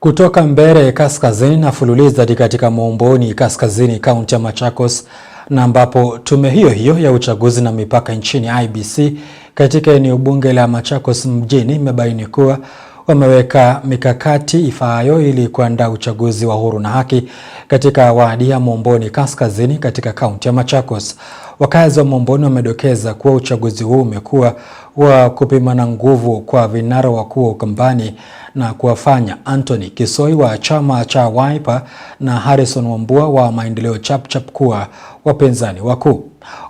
Kutoka Mbeere kaskazini na fululiza katika Mwomboni kaskazini kaunti ya Machakos na ambapo tume hiyo hiyo ya uchaguzi na mipaka nchini IEBC katika eneo bunge la Machakos mjini imebaini kuwa wameweka mikakati ifaayo ili kuandaa uchaguzi wa huru na haki katika wadi ya momboni Kaskazini katika kaunti ya Machakos. Wakazi wa momboni wamedokeza kuwa uchaguzi huu umekuwa wa kupimana nguvu kwa vinara wakuu wa Ukambani na kuwafanya Anthony Kisoi wa chama cha Wiper na Harrison Wambua wa Maendeleo Chapchap kuwa wapinzani wakuu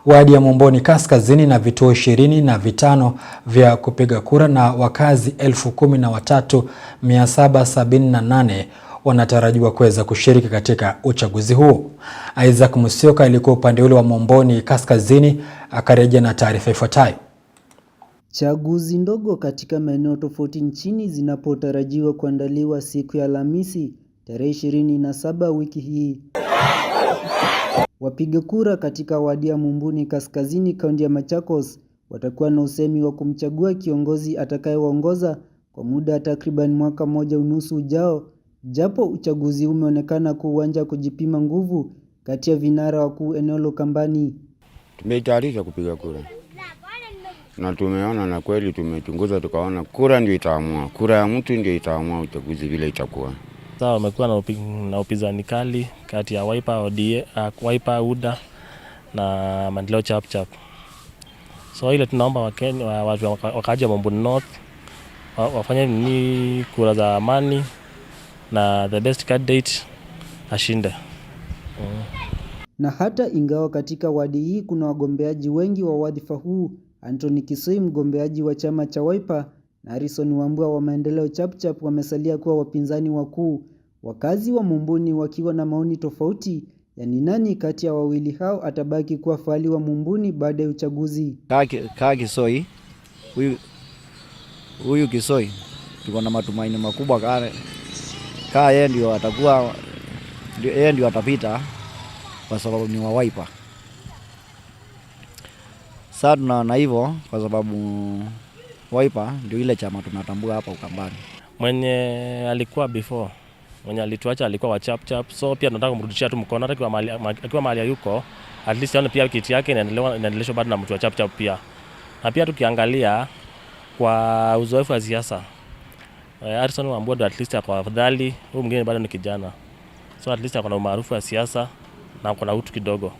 wadi ya Momboni Kaskazini na vituo ishirini na vitano vya kupiga kura na wakazi elfu kumi na watatu mia saba sabini na nane wanatarajiwa kuweza kushiriki katika uchaguzi huu. Isaac musioka alikuwa upande ule wa Momboni Kaskazini, akarejea na taarifa ifuatayo. Chaguzi ndogo katika maeneo tofauti nchini zinapotarajiwa kuandaliwa siku ya Alhamisi tarehe 27 wiki hii. Wapiga kura katika wadi ya Mumbuni Kaskazini, kaunti ya Machakos, watakuwa na usemi wa kumchagua kiongozi atakayewaongoza kwa muda takriban mwaka mmoja unusu ujao, japo uchaguzi umeonekana kuwa uwanja kujipima nguvu kati ya vinara wakuu eneo la Ukambani. Tumeitayarisha kupiga kura na tumeona na kweli tumechunguza, tukaona kura ndio itaamua, kura ya mtu ndio itaamua uchaguzi vile itakuwa. Sasa wamekuwa na, upi, na upinzani kali kati ya Wiper, ODM, uh, ah, Wiper UDA na Maendeleo Chapchap. So ile tunaomba wakenya watu wakaaji wa Mambo North wafanye ni kura za amani na the best candidate ashinde. Mm. Na hata ingawa katika wadi hii kuna wagombeaji wengi wa wadhifa huu, Anthony Kisoi mgombeaji wa chama cha Wiper na Harrison Wambua wa Maendeleo Chapchap wamesalia kuwa wapinzani wakuu, wakazi wa Mumbuni wakiwa na maoni tofauti ya ni nani kati ya wawili hao atabaki kuwa fahali wa Mumbuni baada ya uchaguzi. Kaa Kisoi huyu huyu Kisoi tuko na matumaini makubwa kare. kaa yeye ndio atakuwa yeye ndio atapita kwa sababu ni wawaipa. Sasa tunaona hivyo kwa sababu Wiper ndio ile chama tunatambua hapa Ukambani. Mwenye alikuwa before, mwenye alituacha alikuwa wa chap chap, so pia tunataka kumrudishia tu mkono, hata kwa mali akiwa mali yuko, at least aone pia kiti yake inaendelea inaendeleshwa bado na mtu wa chap chap pia. Na pia tukiangalia kwa uzoefu wa siasa, eh, Harrison Wambua ndo at least kwa afadhali, huyu mwingine bado ni kijana, so at least akona na umaarufu wa siasa na ako utu kidogo.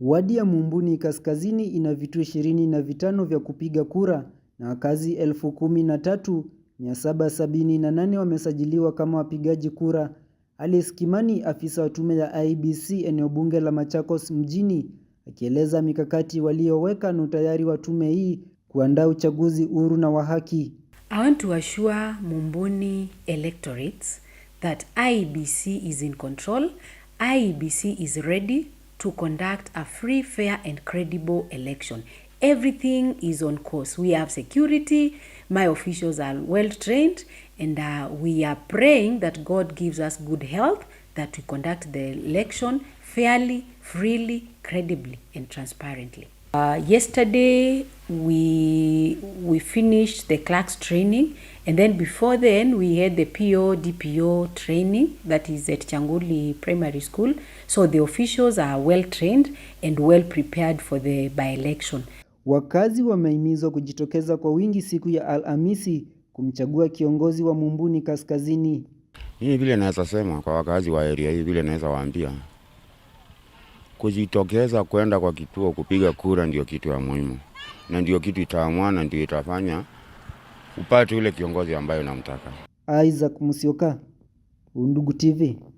Wadi ya Mumbuni Kaskazini ina vituo ishirini na vitano vya kupiga kura na wakazi 13778 wamesajiliwa kama wapigaji kura. Alice Kimani, afisa wa tume ya IEBC eneo bunge la Machakos mjini, akieleza mikakati walioweka na utayari wa tume hii kuandaa uchaguzi huru na wa haki. I want to assure Mumbuni electorates that IEBC is in control. IEBC is ready to conduct a free, fair and credible election everything is on course. We have security, my officials are well trained, and uh, we are praying that God gives us good health, that we conduct the election fairly, freely, credibly, and transparently. Uh, yesterday we we finished the clerks training and then before then we had the PO DPO training that is at Changuli Primary School so the officials are well trained and well prepared for the by election Wakazi wamehimizwa kujitokeza kwa wingi siku ya Alhamisi kumchagua kiongozi wa Mumbuni Kaskazini. Hii vile naweza sema kwa wakazi wa eria hii, vile naweza waambia kujitokeza kwenda kwa kituo kupiga kura ndio kitu ya muhimu, na ndio kitu itaamua na ndio itafanya upate ule kiongozi ambayo namtaka. Isaac Musioka, Undugu TV.